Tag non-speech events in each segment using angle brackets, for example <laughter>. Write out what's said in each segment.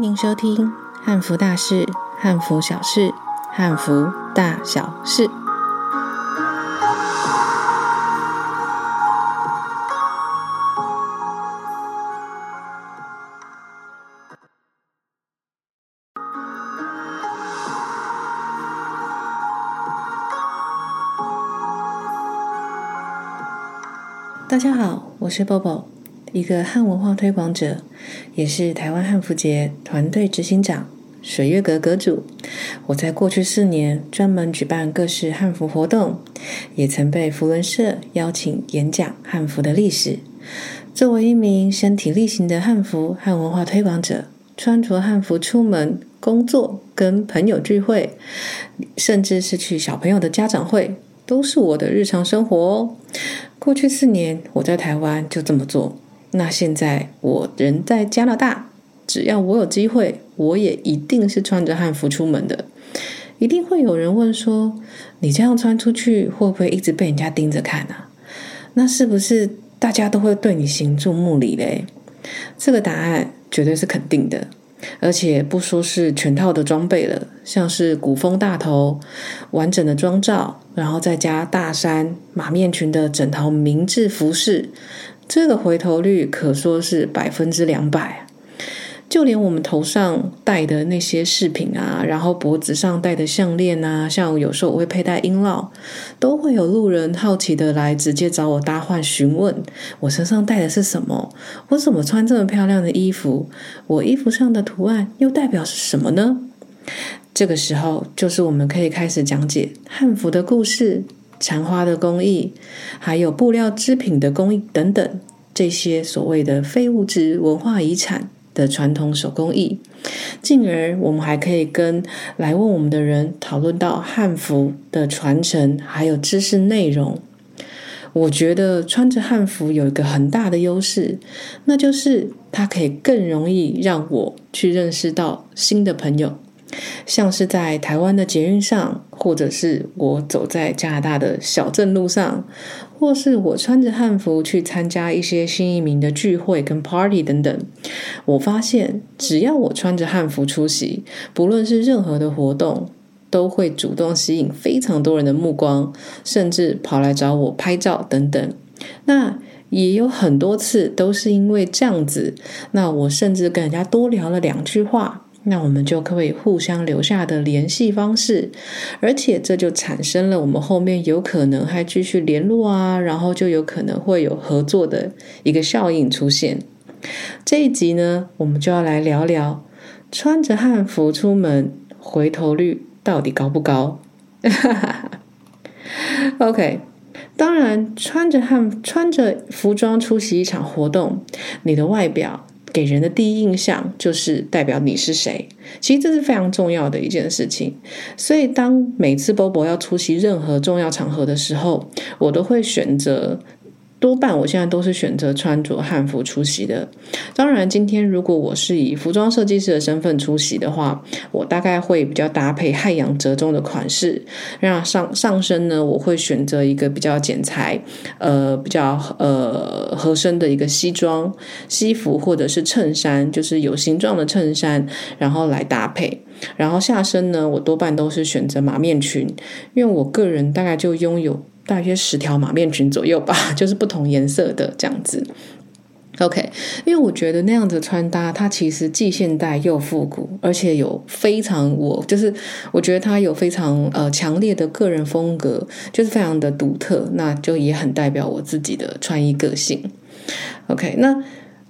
歡迎收聽《漢服大事、漢服小事、漢服大小事》。大家好，我是 Bobo。一個漢文化推廣者，也是台灣漢服節團隊執行長、水月閣閣主。我在過去四年專門舉辦各式漢服活動，也曾被扶輪社邀請演講漢服的歷史。作為一名身體力行的漢服漢文化推廣者，穿着漢服出門、工作、跟朋友聚會，甚至是去小朋友的家長會，都是我的日常生活哦。過去四年，我在台灣就這麼做。那現在我人在加拿大，只要我有機會，我也一定是穿着漢服出門的。一定會有人問說，你這樣穿出去會不會一直被人家盯着看呢、啊？那是不是大家都會對你行注目禮嘞？這個答案絕對是肯定的，而且不說是全套的裝備了，像是古風大頭、完整的妝造，然後再加大衫、馬面裙的整套明制服飾。這個回頭率可說是百分之兩百啊！就連我們頭上戴的那些飾品啊，然後脖子上戴的項鏈啊，像有時候我會佩戴瓔珞，都會有路人好奇的來直接找我搭話詢問我身上戴的是什麼，我怎麼穿這麼漂亮的衣服，我衣服上的圖案又代表是什麼呢？這個時候就是我們可以開始講解漢服的故事。纏花的工藝，還有布料織品的工藝等等，這些所謂的非物質文化遺產的傳統手工藝。進而，我們還可以跟來問我們的人討論到漢服的傳承，還有知識內容。我覺得穿着漢服有一個很大的優勢，那就是它可以更容易讓我去認識到新的朋友。像是在台灣的捷運上，或者是我走在加拿大的小鎮路上，或是我穿着漢服去參加一些新移民的聚會跟 party 等等，我發現只要我穿着漢服出席，不論是任何的活動，都會主動吸引非常多人的目光，甚至跑來找我拍照等等。那也有很多次都是因為這樣子，那我甚至跟人家多聊了兩句話。那我們就可以互相留下的聯繫方式，而且這就產生了我們後面有可能還繼續聯絡啊，然後就有可能會有合作的一個效應出現。這一集呢，我們就要來聊聊穿着漢服出門回頭率到底高不高？哈哈哈。OK，當然穿着漢穿着服裝出席一場活動，你的外表。給人的第一印象，就是代表你是誰，其實這是非常重要的一件事情。所以，當每次 Bobo 要出席任何重要場合的時候，我都會選擇。多半我現在都是選擇穿着漢服出席的。當然，今天如果我是以服裝設計師的身份出席的話，我大概會比較搭配漢洋折衷的款式。那上上身呢，我會選擇一個比較剪裁、呃比較呃合身的一個西裝、西服或者是襯衫，就是有形狀的襯衫，然後來搭配。然後下身呢，我多半都是選擇馬面裙，因為我個人大概就擁有。大約十條馬面裙左右吧，就是不同顏色的這樣子。OK，因為我覺得那樣子穿搭，它其實既現代又復古，而且有非常我就是我覺得它有非常呃強烈的個人風格，就是非常的獨特，那就也很代表我自己的穿衣個性。OK，那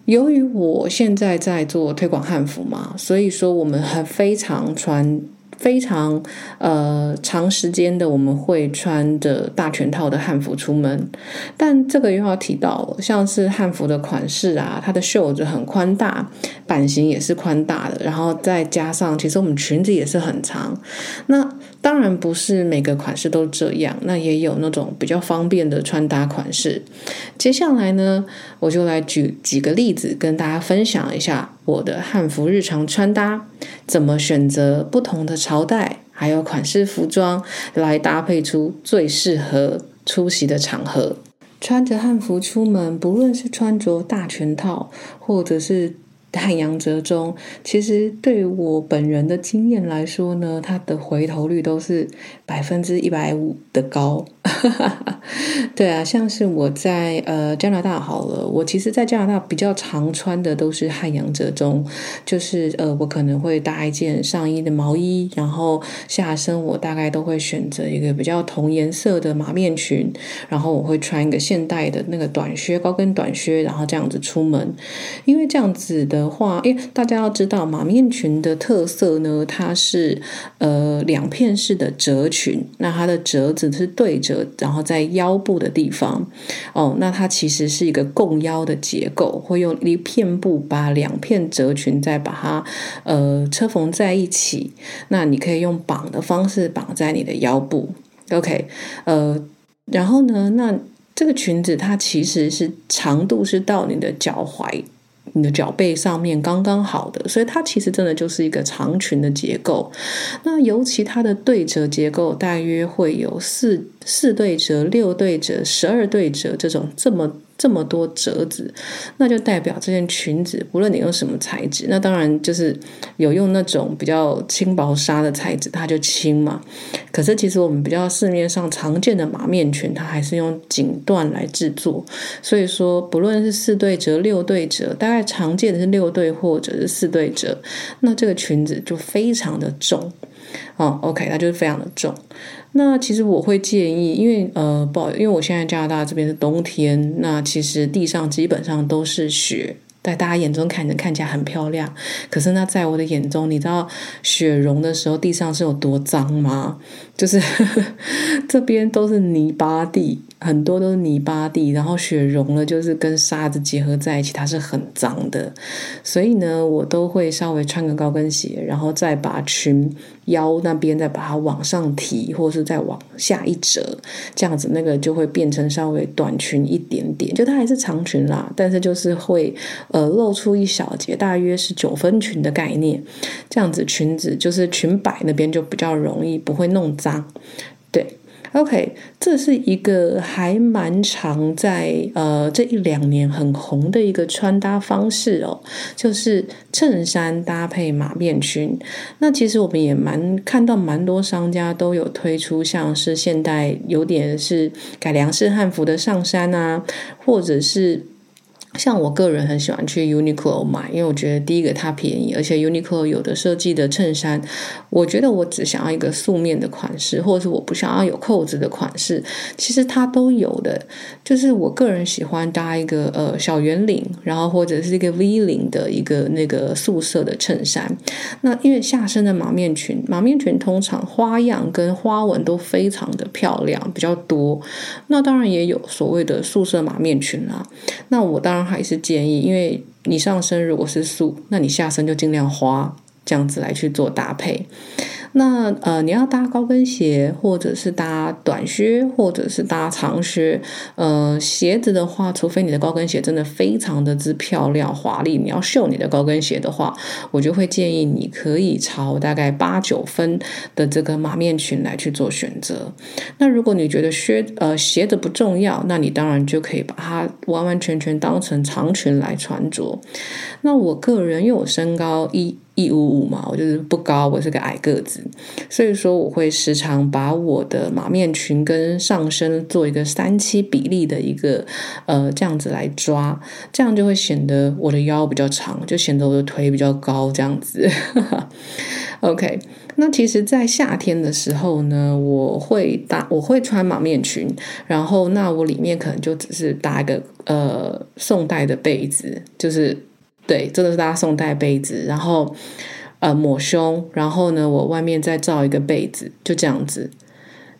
由於我現在在做推廣漢服嘛，所以說我們很非常穿。非常呃長時間的，我們會穿着大全套的漢服出門，但這個又要提到，像是漢服的款式啊，它的袖子很寬大，版型也是寬大的，然後再加上其實我們裙子也是很長，那。當然不是每個款式都這樣，那也有那種比較方便的穿搭款式。接下來呢，我就來舉幾個例子，跟大家分享一下我的漢服日常穿搭，怎麼選擇不同的朝代還有款式服裝來搭配出最適合出席的場合。穿着漢服出門，不論是穿着大全套，或者是漢洋折衷，其實對於我本人的經驗來說呢，它的回頭率都是。百分之一百五的高， <laughs> 對啊，像是我在呃加拿大好了，我其實，在加拿大比較常穿的都是漢洋折衷，就是呃，我可能會搭一件上衣的毛衣，然後下身我大概都會選擇一個比較同顏色的馬面裙，然後我會穿一個現代的那個短靴，高跟短靴，然後這樣子出門，因為這樣子的話，誒，大家要知道馬面裙的特色呢，它是呃兩片式的褶裙。裙，那它的褶子是對折，然後在腰部的地方，哦，那它其實是一個共腰的結構，會用一片布把兩片褶裙再把它呃車縫在一起。那你可以用綁的方式綁在你的腰部。OK，呃，然後呢，那這個裙子它其實是長度是到你的腳踝。你的腳背上面剛剛好的，所以它其實真的就是一個長裙的結構。那尤其它的對折結構，大約會有四。四對折、六對折、十二對折這，這種這麼這麼多折子，那就代表這件裙子，不論你用什麼材質，那當然就是有用那種比較輕薄紗的材質，它就輕嘛。可是其實我們比較市面上常見的馬面裙，它還是用錦緞來製作，所以說不論是四對折、六對折，大概常見的是六對或者是四對折，那這個裙子就非常的重哦。OK，它就是非常的重。那其實我會建議，因為呃，不好，因為我現在加拿大這邊是冬天，那其實地上基本上都是雪，在大家眼中看着看起來很漂亮，可是那在我的眼中，你知道雪融的時候地上是有多髒嗎？就是，呵呵，這邊都是泥巴地。很多都是泥巴地，然後雪融了，就是跟沙子結合在一起，它是很髒的。所以呢，我都會稍微穿個高跟鞋，然後再把裙腰那邊再把它往上提，或是再往下一折，這樣子那個就會變成稍微短裙一點點，就它還是長裙啦，但是就是會呃露出一小截，大約是九分裙的概念。這樣子裙子就是裙擺那邊就比較容易不會弄髒。OK，這是一個還蠻常在呃這一兩年很紅的一個穿搭方式哦，就是襯衫搭配馬面裙。那其實我們也蠻看到蠻多商家都有推出，像是現代有點是改良式漢服的上衫啊，或者是。像我個人很喜歡去 Uniqlo 買，因為我覺得第一個它便宜，而且 Uniqlo 有的設計的襯衫，我覺得我只想要一個素面的款式，或者是我不想要有扣子的款式，其實它都有的。就是我個人喜歡搭一個呃小圓領，然後或者是一個 V 領的一個那個素色的襯衫。那因為下身的馬面裙，馬面裙通常花樣跟花紋都非常的漂亮，比較多。那當然也有所謂的素色馬面裙啦、啊。那我當然。還是建議，因為你上身如果是素，那你下身就儘量花這樣子來去做搭配。那呃，你要搭高跟鞋，或者是搭短靴，或者是搭長靴。呃，鞋子的話，除非你的高跟鞋真的非常的之漂亮華麗，你要秀你的高跟鞋的話，我就會建議你可以朝大概八九分的這個馬面裙來去做選擇。那如果你覺得靴呃鞋子不重要，那你當然就可以把它完完全全當成長裙來穿着。那我個人，有身高一。一五五嘛，我就是不高，我是個矮個子，所以說我會時常把我的馬面裙跟上身做一個三七比例的一個呃這樣子來抓，這樣就會顯得我的腰比較長，就顯得我的腿比較高這樣子。 <laughs> OK，那其實，在夏天的時候呢，我會搭，我會穿馬面裙，然後那我裡面可能就只是搭一個呃宋代的褙子，就是。對，這個是大家宋代褙子，然後呃抹胸，然後呢我外面再罩一個褙子，就這樣子，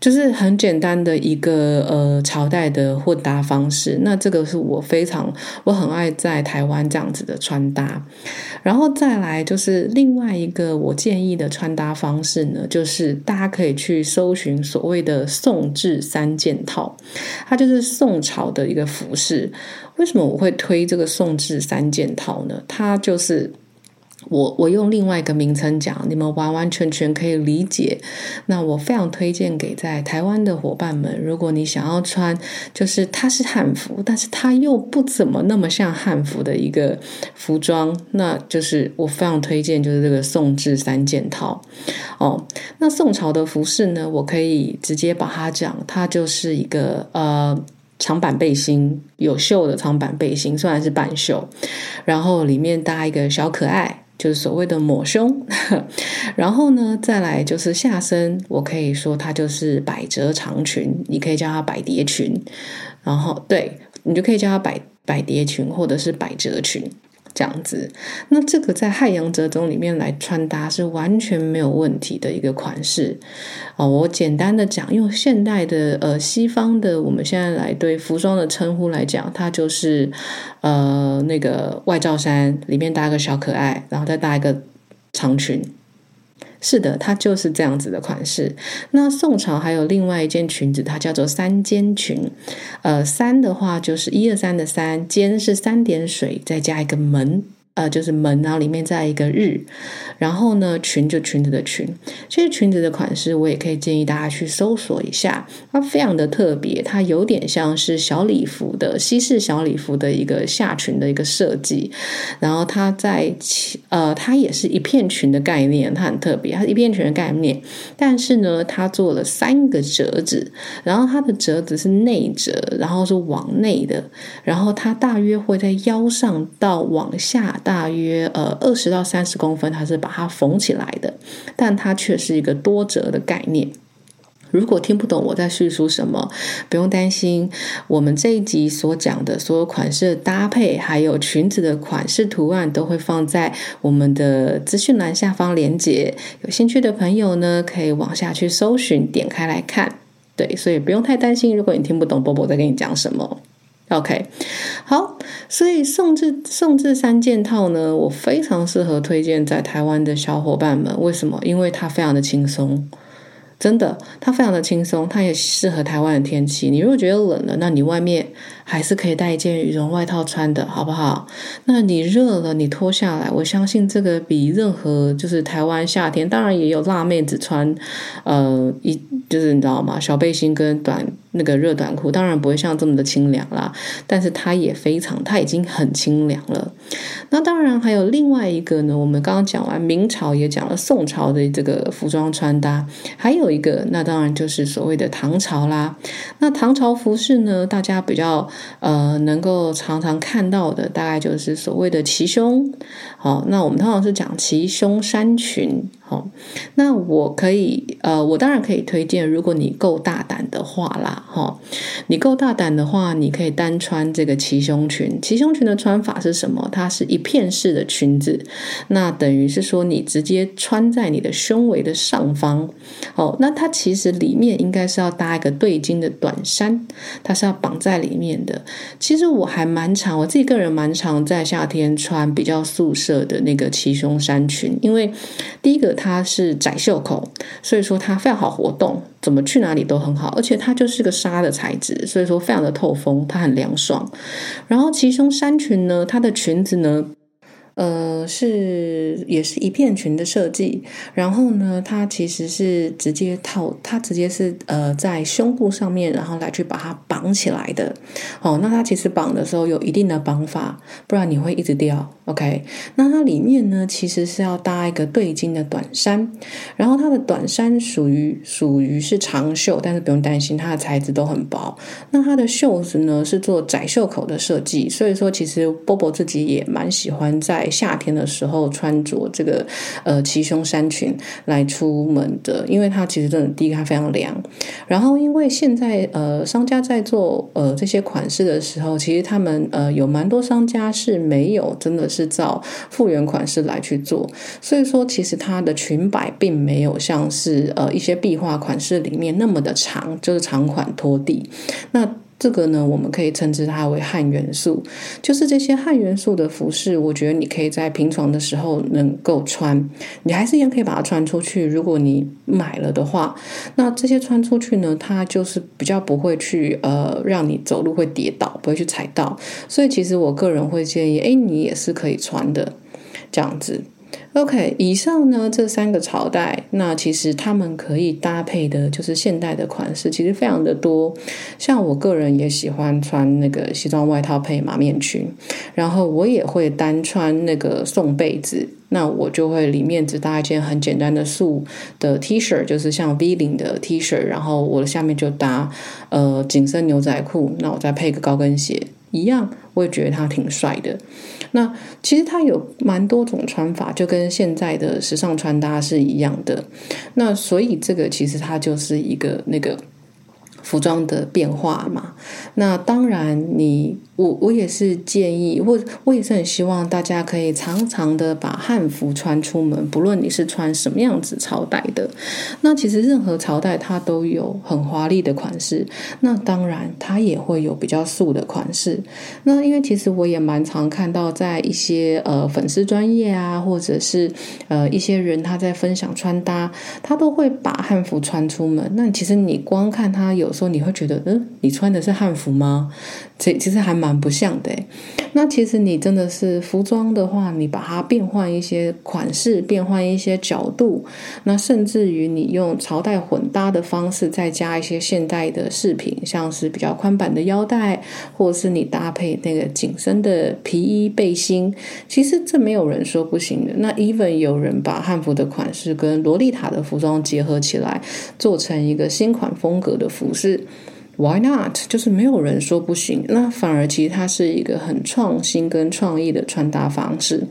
就是很簡單的一個呃朝代的混搭方式。那這個是我非常我很愛在台灣這樣子的穿搭。然後再來就是另外一個我建議的穿搭方式呢，就是大家可以去搜尋所謂的宋制三件套，它就是宋朝的一個服飾。為什麼我會推這個宋制三件套呢？它就是我我用另外一個名稱講，你們完完全全可以理解。那我非常推薦給在台灣的伙伴們，如果你想要穿，就是它是漢服，但是它又不怎麼那麼像漢服的一個服裝，那就是我非常推薦，就是這個宋制三件套。哦，那宋朝的服飾呢，我可以直接把它講，它就是一個呃。長版背心，有袖的長版背心，雖然是半袖，然後裡面搭一個小可愛，就是所謂的抹胸。 <laughs> 然後呢，再來就是下身，我可以說它就是百褶長裙，你可以叫它百迭裙。然後對，你就可以叫它百百迭裙，或者是百褶裙。這樣子，那這個在漢洋折衷裡面來穿搭是完全沒有問題的一個款式哦。我簡單的講，用現代的呃西方的我們現在來對服裝的稱呼來講，它就是呃那個外罩衫裡面搭個小可愛，然後再搭一個長裙。是的，它就是這樣子的款式。那宋朝還有另外一件裙子，它叫做三澗裙。呃，三的話就是一二三的三，澗是三點水，再加一個門。呃，就是門，然後裡面再一個日，然後呢，裙就裙子的裙。其實裙子的款式我也可以建議大家去搜索一下，它非常的特別，它有點像是小禮服的西式小禮服的一個下裙的一個設計。然後它在呃，它也是一片裙的概念，它很特別，它是一片裙的概念。但是呢，它做了三個摺子，然後它的折子是內折，然後是往內的，然後它大約會在腰上到往下到。大約呃二十到三十公分，它是把它縫起來的，但它卻是一個多折的概念。如果聽不懂我在敘述什麼，不用擔心，我們這一集所講的所有款式的搭配，還有裙子的款式圖案，都會放在我們的資訊欄下方鏈接。有興趣的朋友呢，可以往下去搜尋，點開來看。對，所以不用太擔心，如果你聽不懂波波在跟你講什麼。OK，好，所以宋制宋制三件套呢，我非常適合推薦在台灣的小伙伴們。為什麼？因為它非常的輕鬆，真的，它非常的輕鬆，它也適合台灣的天氣。你如果覺得冷了，那你外面。還是可以帶一件羽絨外套穿的，好不好？那你熱了，你脫下來。我相信這個比任何就是台灣夏天，當然也有辣妹子穿，呃，一就是你知道嗎？小背心跟短那個熱短褲，當然不會像這麼的清涼啦。但是它也非常，它已經很清涼了。那當然還有另外一個呢，我們剛剛講完明朝，也講了宋朝的這個服裝穿搭，啊，還有一個，那當然就是所謂的唐朝啦。那唐朝服飾呢，大家比較。呃，能夠常常看到的大概就是所謂的齊胸。好，那我們通常是講齊胸衫裙。哦，那我可以，呃，我當然可以推薦，如果你夠大膽的話啦，哈、哦，你夠大膽的話，你可以單穿這個齊胸裙。齊胸裙的穿法是什麼？它是一片式的裙子，那等於是說你直接穿在你的胸圍的上方。哦，那它其實裡面應該是要搭一個對襟的短衫，它是要綁在裡面的。其實我還蠻常，我自己個人蠻常在夏天穿比較素色的那個齊胸衫裙，因為第一個。它是窄袖口，所以說它非常好活動，怎麼去哪裡都很好。而且它就是個紗的材質，所以說非常的透風，它很涼爽。然後其中衫裙呢，它的裙子呢。呃，是，也是一片裙的設計，然後呢，它其實是直接套，它直接是呃在胸部上面，然後來去把它綁起來的。哦，那它其實綁的時候有一定的綁法，不然你會一直掉。OK，那它裡面呢，其實是要搭一個對襟的短衫，然後它的短衫屬於屬於是長袖，但是不用擔心，它的材質都很薄。那它的袖子呢是做窄袖口的設計，所以說其實波波自己也蠻喜歡在。在夏天的時候穿着這個呃齊胸衫裙來出門的，因為它其實真的第一，它非常涼。然後因為現在呃商家在做呃這些款式的時候，其實他們呃有蠻多商家是沒有真的是照復原款式來去做，所以說其實它的裙擺並沒有像是呃一些壁畫款式裡面那麼的長，就是長款拖地。那這個呢，我們可以稱之它為漢元素，就是這些漢元素的服飾，我覺得你可以在平常的時候能夠穿，你還是一樣可以把它穿出去。如果你買了的話，那這些穿出去呢，它就是比較不會去呃讓你走路會跌倒，不會去踩到，所以其實我個人會建議，哎，你也是可以穿的這樣子。OK，以上呢這三個朝代，那其實他們可以搭配的，就是現代的款式，其實非常的多。像我個人也喜歡穿那個西裝外套配馬面裙，然後我也會單穿那個宋褙子，那我就會裡面只搭一件很簡單的素的 T 恤，就是像 V 領的 T 恤，然後我下面就搭呃緊身牛仔褲，那我再配個高跟鞋。一樣，我也覺得他挺帥的。那其實他有蠻多種穿法，就跟現在的時尚穿搭是一樣的。那所以這個其實他就是一個那個服裝的變化嘛。那當然你。我我也是建議，我我也是很希望大家可以常常的把漢服穿出門，不論你是穿什麼樣子朝代的，那其實任何朝代它都有很華麗的款式，那當然它也會有比較素的款式。那因為其實我也蠻常看到在一些呃粉絲專頁啊，或者是呃一些人他在分享穿搭，他都會把漢服穿出門。那其實你光看他有時候你會覺得，嗯、呃，你穿的是漢服嗎？這其實還蠻。很不像的欸，那其實你真的是服裝的話，你把它變換一些款式，變換一些角度，那甚至於你用朝代混搭的方式，再加一些現代的飾品，像是比較寬版的腰帶，或是你搭配那個緊身的皮衣背心，其實這沒有人說不行的。那 even 有人把漢服的款式跟洛麗塔的服裝結合起來，做成一個新款風格的服飾。Why not？就是沒有人說不行，那反而其實它是一個很創新跟創意的穿搭方式，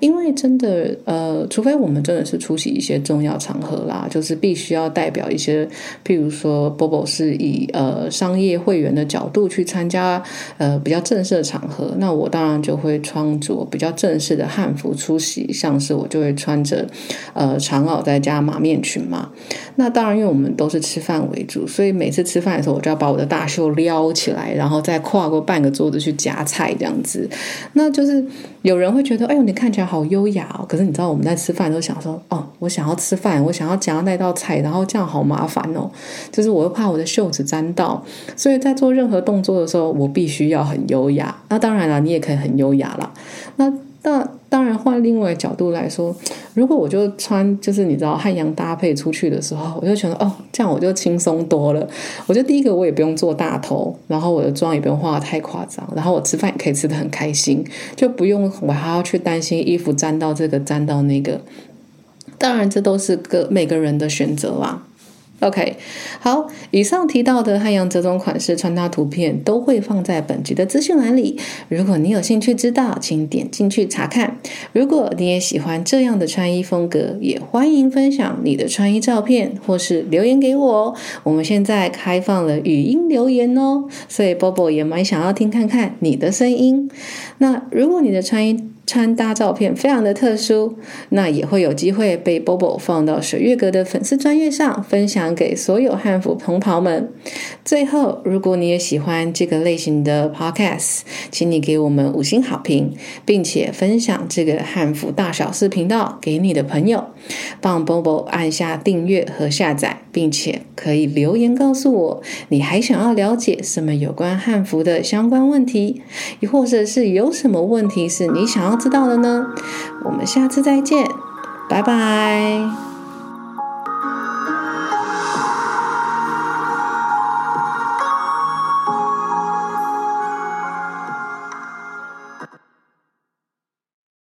因為真的呃，除非我們真的是出席一些重要場合啦，就是必須要代表一些，譬如說 Bobo 是以呃商業會員的角度去參加呃比較正式的場合，那我當然就會穿着比較正式的漢服出席，像是我就會穿着呃長襖再加馬面裙嘛。那當然，因為我們都是吃飯為主，所以每次吃飯的時候，我就要把把我的大袖撩起來，然後再跨過半個桌子去夾菜，這樣子，那就是有人會覺得，哎呦，你看起來好優雅哦。可是你知道我們在吃飯都想說，哦，我想要吃飯，我想要夾那道菜，然後這樣好麻煩哦。就是我又怕我的袖子沾到，所以在做任何動作的時候，我必須要很優雅。那當然了，你也可以很優雅了。那那。當然，換另外一個角度來說，如果我就穿，就是你知道漢洋搭配出去的時候，我就覺得哦，這樣我就輕鬆多了。我覺得第一個我也不用做大頭，然後我的妝也不用畫得太誇張，然後我吃飯也可以吃得很開心，就不用我還要去擔心衣服沾到這個，沾到那個。當然，這都是個每個人的選擇啦。OK，好，以上提到的漢洋折衷款式穿搭圖片都會放在本集的資訊欄裡。如果你有興趣知道，請點進去查看。如果你也喜歡這樣的穿衣風格，也歡迎分享你的穿衣照片或是留言給我哦。我們現在開放了語音留言哦，所以 Bobo 也蠻想要聽看看你的聲音。那如果你的穿衣……穿搭照片非常的特殊，那也會有機會被 Bobo 放到水月閣的粉絲專頁上，分享給所有漢服同袍們。最後，如果你也喜歡這個類型的 Podcast，請你給我們五星好評，並且分享這個漢服大小事頻道給你的朋友，幫 Bobo 按下訂閱和下載。並且可以留言告訴我，你還想要了解什麼有關漢服的相關問題，亦或者是有什麼問題是你想要知道的呢？我們下次再見，拜拜。